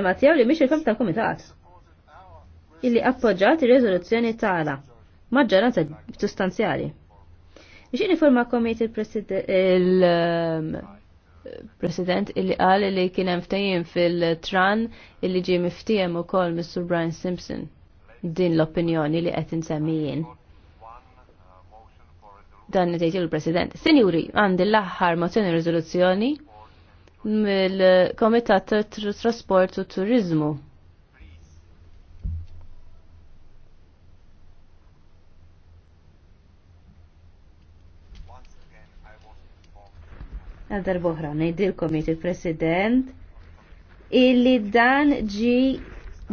Matijaw mela li miex il-kom tal-komitat illi appoġġat ir-riżoluzzjoni tagħna maġġoranza sustanzjali. Biex informa komit il-President illi qal li kien hemm ftehim fil-Tran illi ġie miftijem ukoll Mr. Brian Simpson din l-opinjoni li qed insemmijien. Dan nitejtilu il president Sinjuri, għandi l-aħħar mozzjoni riżoluzzjoni mill-Komitat Trasport u Turizmu. għadar boħra, nejdilkom jiet il-President, illi dan ġi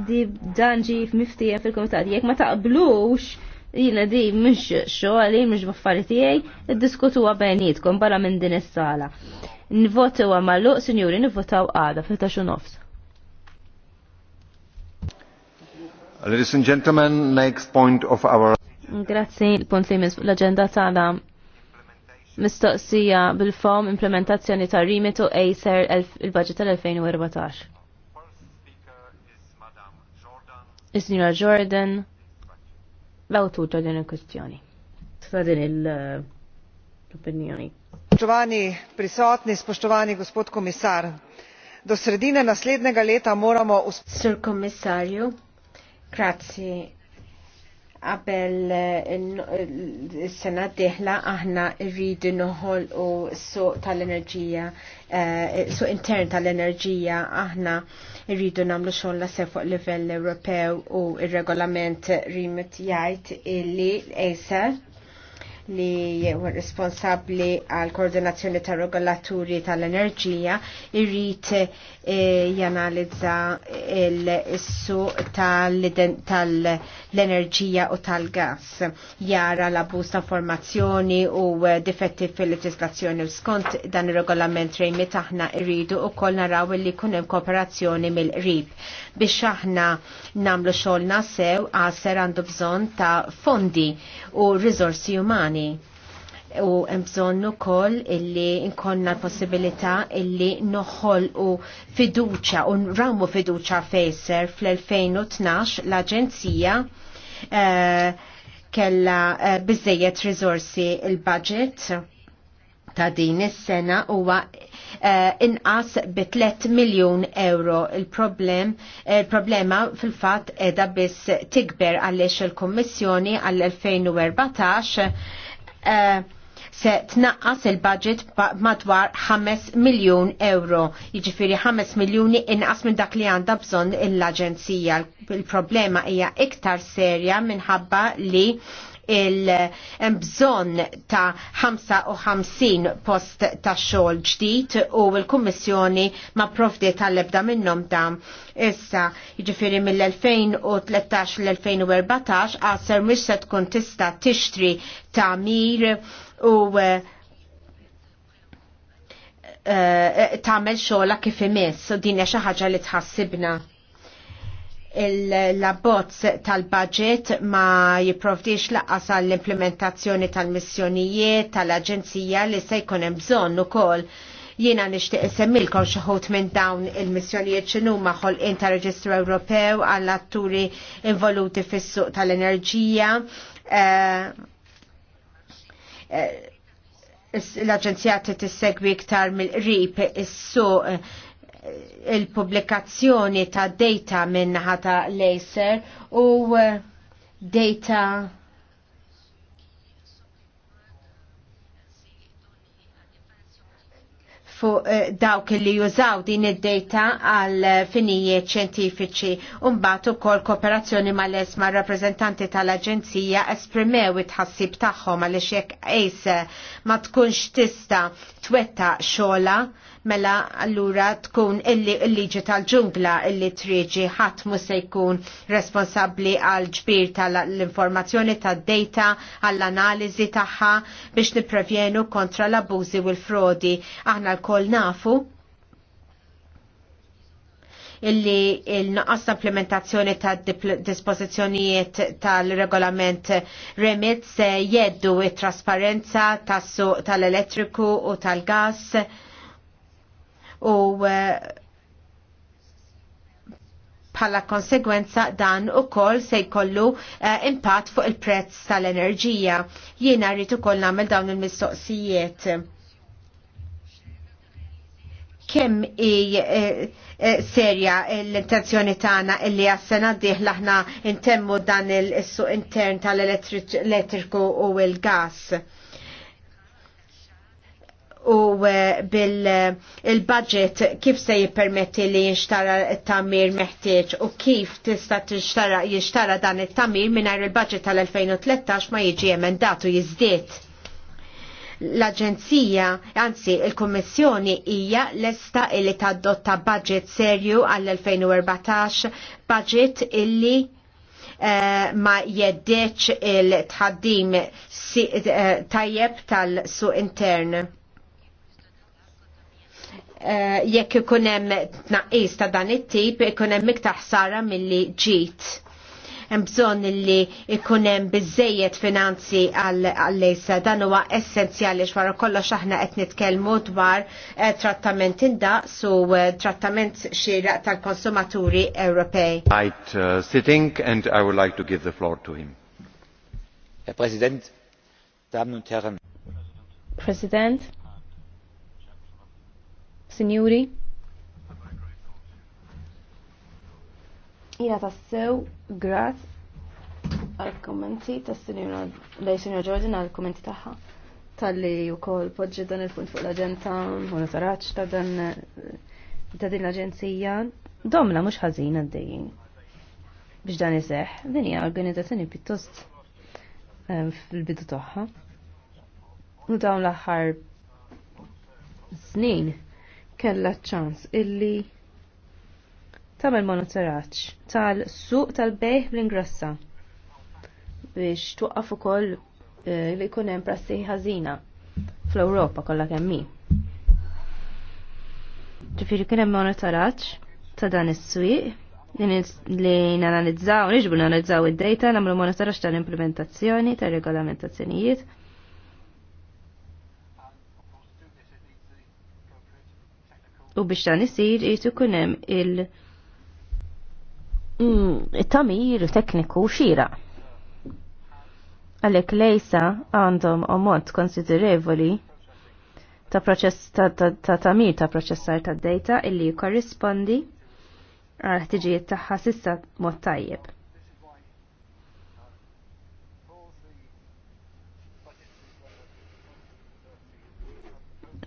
di dan ġi miftija fil-komitat, jek ma taqblux jina di mux xoħali, mux baffari tijaj, id-diskutu għabajnietkom bala minn din is-sala. Nivoti u għamallu, sinjuri, nivotaw għada fil nofs. Ladies and gentlemen, next point of our... Grazie, il-punt li mis l-agenda tagħna mistoqsija bil-fom implementazzjoni ta' rimitu Acer il-budget tal-2014. Is-Sinjora Jordan, l-awtur ta' din il-kwestjoni. Ta' din il- Spoštovani prisotni, spoštovani gospod komisar, do sredine naslednjega leta moramo. grazzi sena aħna rridu noħol u suq tal-enerġija, eh, intern tal-enerġija aħna rridu namlu fuq livell Ewropew u il-regolament rimet jgħid illi ESA li huwa responsabbli għal koordinazzjoni tar regolaturi tal-enerġija irrid eh, janalizza il issu tal-enerġija u tal-gas. Jara l-abbuż ta' formazzjoni u eh, difetti fil-leġislazzjoni u skont dan ir-regolament rejmi taħna irridu u koll naraw li kunem hemm kooperazzjoni mill-qrib. Biex aħna namlu xolna sew għasser għandu bżonn ta' fondi u rizorsi umani komuni u mbżonnu ukoll illi nkonna l-possibilità illi noħol u fiduċa u nramu fiduċa fejser fl-2012 l-Aġenzija eh, kella uh, eh, bizzejiet rizorsi il-budget ta' din is-sena huwa eh, inqas bi 3 miljun euro. Il-problem, il-problema fil-fatt edha biss tikber għaliex il-Kommissjoni għall-2014 se tnaqqas il-budget madwar 5 miljon euro. Jiġifieri 5 miljoni inqas minn dak li għandha bżonn l-Aġenzija. Il-problema hija iktar serja minħabba li il-bżon ta' 55 post ta' xogħol ġdid u l-Kummissjoni ma provdi tal-ebda minnhom ta' issa jiġifieri mill-2013 l-2014 għasser mhux se tkun tista' tixtri ta' mir u eh, eh, tagħmel xogħla kif imiss u din hija xi ħaġa li tħassibna l-abbozz tal-budget ma jiprovdix laqqas għall-implementazzjoni tal-missjonijiet tal-aġenzija li se jkun hemm bżonn ukoll. Jiena nixtieq isemmilkom xi ħut minn dawn il-missjonijiet x'inhuma ħolqien tar Reġistru Ewropew għall atturi involuti fis-suq tal-enerġija. Eh, eh, L-Aġenzija tissegwi iktar mill-qrib is-suq il-publikazzjoni ta' data minn ħata laser u eh, data fu eh, dawk li jużaw din id-data għal finijiet ċentifiċi. Umbat ukoll kooperazzjoni mal-esma rappresentanti tal-Aġenzija esprimew it-ħassib tagħhom għaliex jekk ejse ma tkunx tista' twetta xogħla mela allura tkun il-liġi tal-ġungla illi triġi ħadd mhux se jkun responsabbli għal ġbir tal-informazzjoni tad-data għall-analiżi tagħha biex niprevjenu kontra l abużi u l-frodi. Aħna lkoll nafu illi il-naqas implementazzjoni ta' dispożizzjonijiet tal-regolament remit se jeddu it-trasparenza tas-suq tal elettriku u tal tal elettriku u tal gas u eh, bħala konsegwenza dan u kol se jkollu uh, impatt fuq il-prezz tal-enerġija. Jiena rritu ukoll nagħmel dawn il-mistoqsijiet. Kemm i eh, serja l-intenzjoni tagħna illi għas-sena diħla l'aħna intemmu dan il-suq intern tal-elettriku u l-gas u eh, bil-budget eh, kif se jippermetti li jinxtara t-tamir meħtieġ u kif tista jinxtara dan it-tamir mingħajr il-budget tal-2013 ma jiġi emendat u jizdiet. L-Aġenzija, anzi il-Kummissjoni hija lesta illi tadotta budget serju għall-2014, budget illi eh, ma jeddeċ il-tħaddim tajjeb tal-suq intern. Eh, jekk ikun hemm tnaqqis ta' dan it-tip ikun hemm iktar ħsara milli ġiet hemm bżonn li ikun hemm biżejjed finanzi għall-lejsa. Dan huwa essenzjali xwara kollox aħna qed nitkellmu dwar eh, trattament indaqs u eh, trattament xieraq tal-konsumaturi Ewropej. Right uh, sitting and I would like to give the floor to him. Herr Präsident, Damen und Herren. President. Sinjuri, jina tassew graz għal-kommenti tas-sinjura lej sinjura Jordan għal-kommenti tagħha tal-li u kol podġi dan il-punt fuq l-agenda monitoraċ ta' dan ta' din l-agenzija domla mux ħazin għaddejjin biex dan iseħ din hija organizzazzjoni pittost eh, fil-bidu tagħha u dawn l-aħħar snin kella ċans illi tamel monitoraċ tal-suq tal-bejħ bl-ingrassa biex tuqqafu ukoll eh, li jkun hemm prassi ħażina fl-Ewropa kollha kemm Ġifiri kunem kien hemm ta' dan is-swieq li nanalizzaw, nixbu nanalizzaw id-data, nagħmlu monitoraġġ tal-implementazzjoni, tal-regolamentazzjonijiet. u biex dan isir jrid ikun hemm il mm, tamir tekniku xira. Għalhekk lejsa għandhom ammont konsiderevoli ta' proċess ta' tamir ta' proċessar ta' data illi jikorrispondi għal ħtiġijiet tagħha sissa mod tajjeb.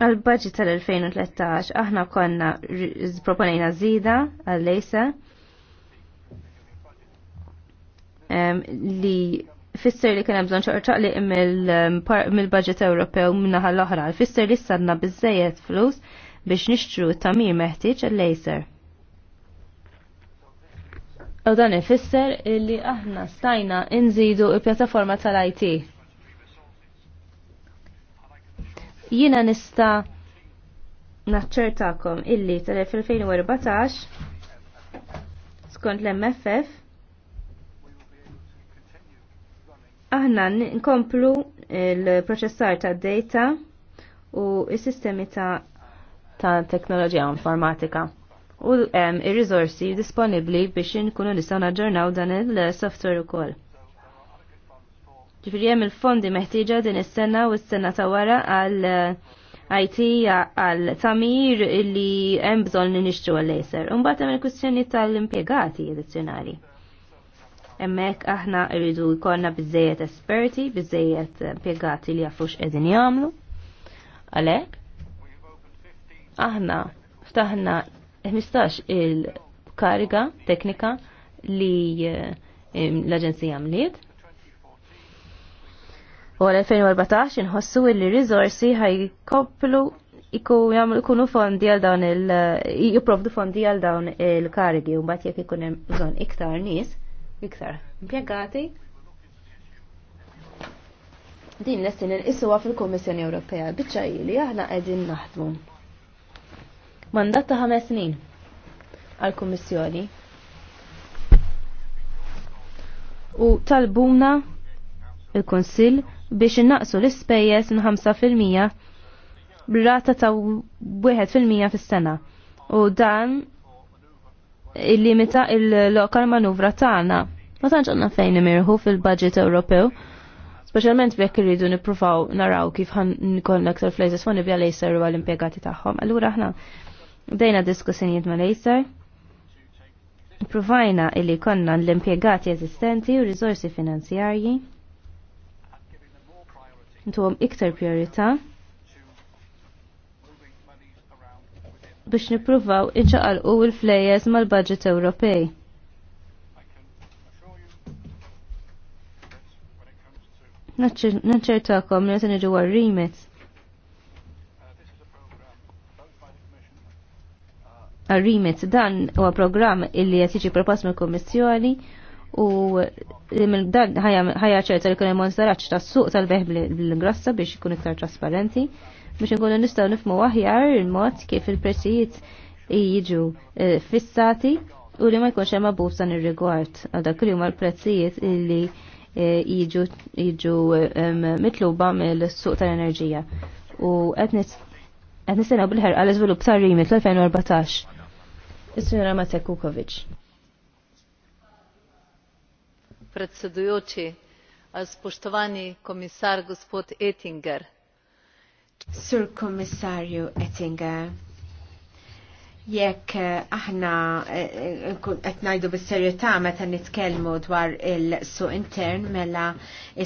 Għal-budget tal-2013 aħna konna proponejna zida għal-lejsa li fisser li kien hemm bżonn li mill-budget Ewropew minnaħa l-oħra. Fisser li s-sanna bizzejet flus biex nixtru tamir meħtieġ għal-lejser. U dan ifisser li aħna stajna inżidu il-pjattaforma tal-IT Jiena nista naċċertakom illi tal-2014 skont l-MFF aħna nkomplu l proċessar ta' data u s-sistemi ta' ta' teknoloġija informatika u um, ir-riżorsi disponibbli biex inkunu nistgħu naġġornaw dan il-software ukoll ġifiri jem il-fondi meħtieġa din is-sena u s-sena ta' wara għal eh, IT għal tamir illi hemm bżonn li nixtru għal-laser. Imbagħad hemm il-kwistjoni tal-impjegati addizzjonali. Hemmhekk aħna rridu jkollna biżejjed esperti, biżejjed impjegati li jafu qegħdin jagħmlu. Għalhekk aħna ftaħna 15 il-kariga teknika li eh, l-Aġenzija mliet u għal-2014 inħossu li rizorsi ħajkopplu ikunu fondi għal dawn il- jiprovdu fondi għal dawn il-karigi u mbagħad jekk ikun hemm bżonn iktar nies, iktar impjegati. Din l-essin il-iswa fil-Kummissjoni Ewropea biċċa ili aħna qegħdin naħdmu. Mandat ta' ħames snin għal-Kummissjoni u talbuna il-Konsil biex innaqsu l-ispejjeż minn 5% b'rata ta' 1% fis-sena. U dan il-limita il-lokal manuvra tagħna. Ma tantx għandna fejn imirħu fil-budget Ewropew. Speċjalment jekk irridu nippruvaw naraw kif ħan nkollna aktar flejs disponibbli għal lejser u għall-impjegati tagħhom. Allura aħna dejna diskussjonijiet ma' lejser. provajna illi konna l-impiegati eżistenti u rizorsi finanzjarji intuhom iktar priorità biex nippruvaw inċaqalqu il-flejes mal-budget Ewropej. Naċċertakom li qed niġu remit remit dan huwa programm illi qed jiġi propost mill-Kummissjoni u dan ħajja ċerta li kunem monsaraċ tas-suq tal-beħ bil ingrassa biex ikun iktar trasparenti biex nkunu nistgħu nifmu aħjar il-mod kif il-prezzijiet jiġu eh, fissati u li ma jkunx hemm abbuż dan ir-rigward għal dak li huma l-prezzijiet li eh, jiġu mitluba mill-suq tal-enerġija. U qed nistennew bil-ħerqa l-iżvilupp tar-rimi tal-2014. Is-Sinjora Matek Kukovic predsedujoči spoštovani komisar gospod Ettinger. Sur komisarju Ettinger, jekk eh, aħna eh, eh, qed ngħidu bis-serjetà meta nitkellmu dwar il-suq intern mela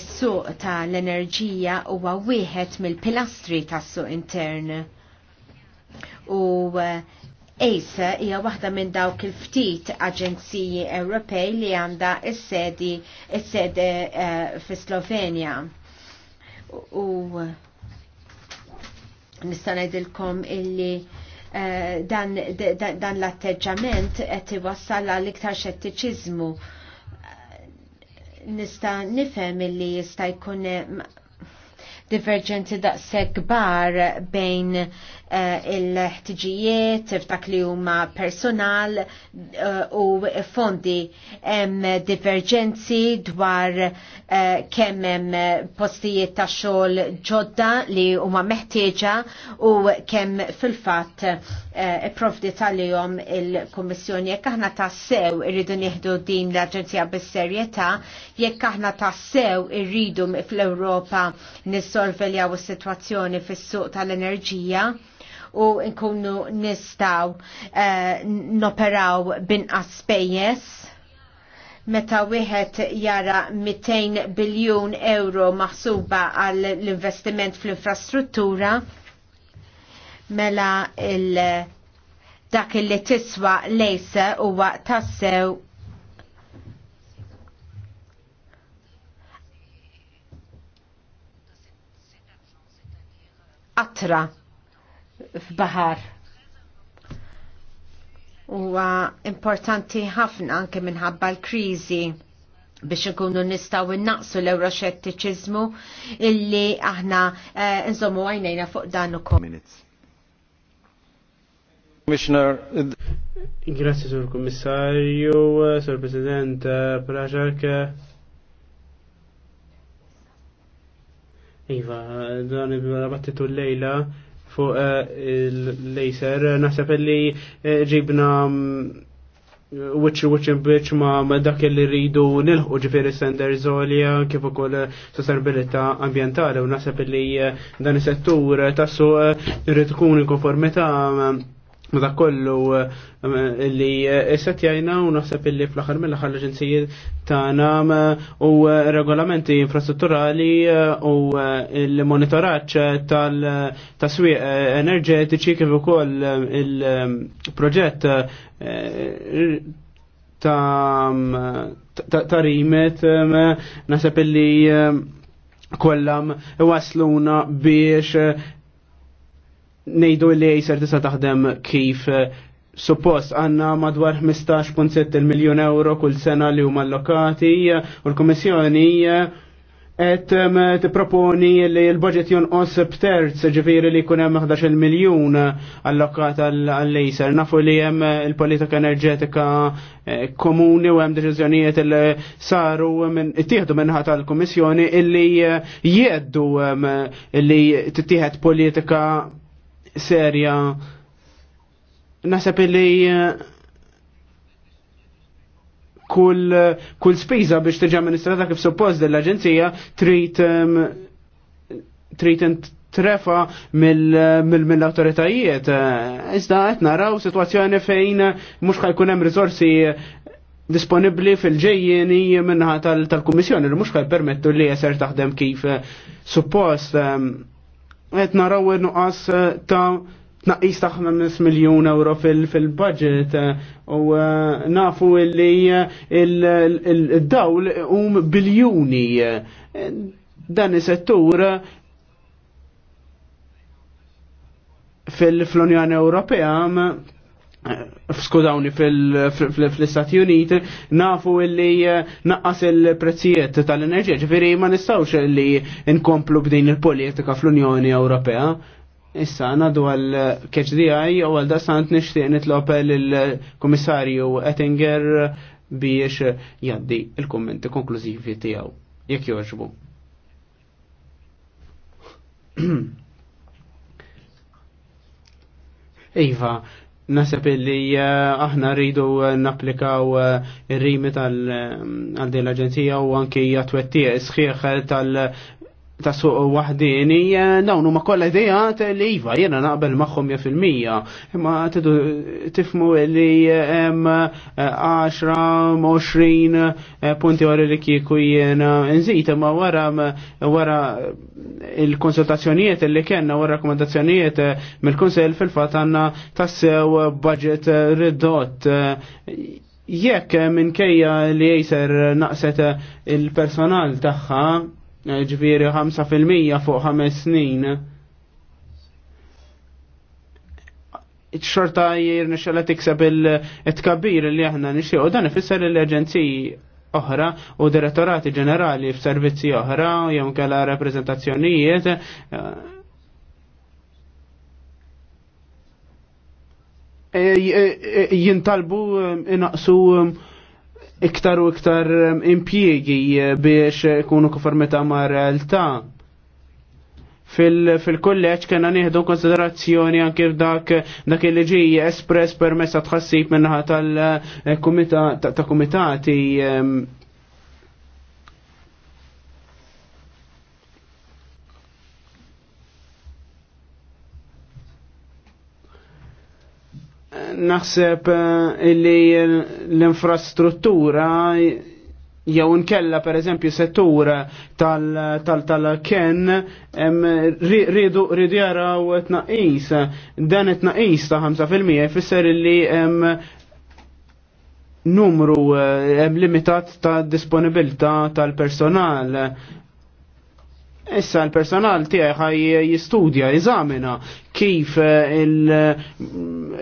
s-suq tal enerġija huwa wieħed mill-pilastri tas-suq intern. U ACE hija waħda minn dawk il-ftit aġenziji Ewropej li għandha s-sedi s-sede uh, fi Slovenja. U nista' ngħidilkom illi uh, eh, dan, dan, dan l-atteġġament qed iwassal għal iktar xettiċiżmu. Nista' nifhem illi jista' jkun diverġenzi daqshekk kbar bejn uh, il-ħtiġijiet f'dak li huma personal uh, u fondi hemm diverġenzi dwar uh, kemm hemm postijiet ta' xogħol ġodda li huma meħtieġa u kemm fil-fatt ipprovdi tal-jom il-Kummissjoni jekk aħna tassew irridu nieħdu din l-Aġenzija bis-serjetà jekk aħna tassew irridu fl-Ewropa nis nissorveljaw is-sitwazzjoni fis-suq tal-enerġija u nkunu nistaw uh, eh, noperaw binqas spejjeż meta wieħed jara 200 biljun euro maħsuba għall l-investiment fl-infrastruttura mela il dak li tiswa lejsa huwa tassew qatra f'baħar. Huwa importanti ħafna anke minħabba l-kriżi biex ikunu nistaw innaqsu l-euroxettiċizmu illi aħna eh, nżommu għajnejna fuq dan ukoll. Commissioner. Grazie, Sur Kommissarju, eh, Sur President, eh, Praġark. Iva, dan il-battitu l-lejla fuq eh, il-laser, naħseb li eh, ġibna Witcher Witcher Bitch ma dak li rridu nilħu ġifiri sender Zolja kif ukoll sostenibilità ambjentali u naħseb li eh, dan is-settur tassu rrid tkun in konformità Mada kollu eh, li jessat eh, jajna u naħseb illi fl-axar mill-axar l-ġensijiet eh, u regolamenti infrastrutturali u l-monitoraġġ tal-taswieq enerġetiċi kif ukoll il-proġett ta' ta' rimet naħseb illi kollam wasluna biex nejdu li jser tista' taħdem kif eh, suppost għanna madwar 15.7 miljon euro kull sena li huma allokati eh, u l-Komissjoni eh, qed t-proponi li l-budget jonqos b'terz, ġifiri li kunem 11 miljon allokat għall-lejser. Nafu li jem il-politika enerġetika komuni u hemm deċiżjonijiet li saru tieħdu minnħat l komissjoni illi jeddu li t politika serja. Nasab li eh, kull, kull spiża biex tiġi amministrata kif suppost l aġenzija trid trid trefa mill-autoritajiet. Iżda qed naraw sitwazzjoni fejn mhux ħajkun hemm riżorsi disponibli fil-ġejjeni minnaħa tal-Kummissjoni li mhux ħajpermettu li jeser taħdem kif suppost. Um, qed naraw nuqas eh, ta' tnaqqis ta' 5 miljun euro fil-budget eh, u eh, nafu li il-dawl um biljuni dan is-settur fil-Unjoni Ewropea f'skudawni fl-Istati Uniti nafu illi eh, naqqas il-prezzijiet tal-enerġija, ġifiri ma nistawx illi nkomplu b'din il-politika fl-Unjoni Ewropea. Issa nadu għal KHDI u għal da sant nishtiq nitlopel il-Komissarju Ettinger biex jaddi il-kommenti konklużivi tiegħu. Jekk joġbu. Iva, Nasab illi eh, aħna rridu eh, napplikaw eh, ir-rimi tal-din l-Aġenzija u anki jatwettija sħiħ tal- ta' suq wahdini, eh, dawn huma kollha ta' li iva, jiena naqbel magħhom ja fil-mija, imma tidu tifmu li hemm eh, eh, 10-20 punti wara li kieku jiena nżid, imma wara wara il-konsultazzjonijiet li kellna wara rakkomandazzjonijiet mill-Kunsell fil-fatt għandna tassew budget ridott jekk minkejja li jiser naqset il-personal tagħha Eh, ġviri 5% fuq 5 snin. ċorta jir nixela tikseb il-tkabir li aħna nixie u dan ifisser l-Aġenziji oħra u direttorati ġenerali f'servizzi oħra u jew kalla rappreżentazzjonijiet eh, eh, jintalbu inaqsu iktar u iktar impjiegi eh, biex ikunu konformità ma' realtà. Fil-kolleġ fil kena nieħdu konsiderazzjoni anke f'dak dak il ġi espress permessa tħassib minnaħa tal-kumitati eh, naħseb eh, li l-infrastruttura jew nkella per eżempju settur tal-ken rridu jaraw tnaqis. Dan it-tnaqis ta' 5% fisser li hemm numru eh, limitat ta' disponibilità tal-personal Issa l-personal tiegħi ħaj jistudja, jizamina kif eh, eh,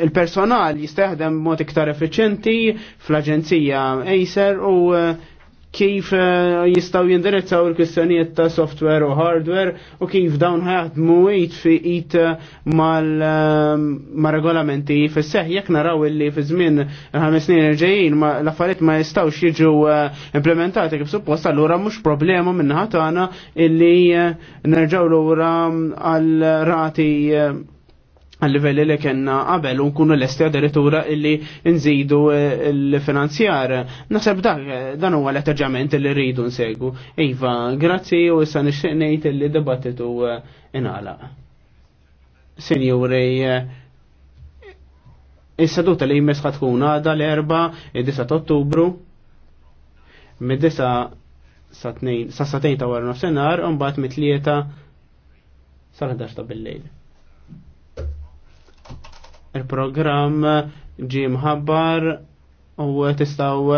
il-personal il jistaħdem mod iktar effiċenti fl-Aġenzija Acer u eh, kif eh, jistaw jindirizzaw il-kwistjonijiet ta' software u hardware u kif dawn ħadmu it fi it eh, mal eh, regolamenti fis seħ jekk naraw illi fi żmien ħames snin ġejjin l-affarijiet ma jistawx jiġu implementati kif suppost allura mhux problema minn tagħna illi nerġgħu lura mm, għal rati għal-livelli li kena qabel u nkunu l-esti addirittura illi nżidu eh, l-finanzjar. Naseb dak, eh, dan huwa l-atteġġament li rridu nsegu. Iva, grazzi u issa nixtieq ngħid illi dibattitu eh, inala. Sinjuri, is-seduta li jmess tkun għada l-erba' id-9 Ottubru mid-9 sa' 2 sa' 2 ta' wara nofsinhar u mbagħad mit-3 sa' 11 ta' bil-lejl. Il-programm ġie mħabbar u tistaw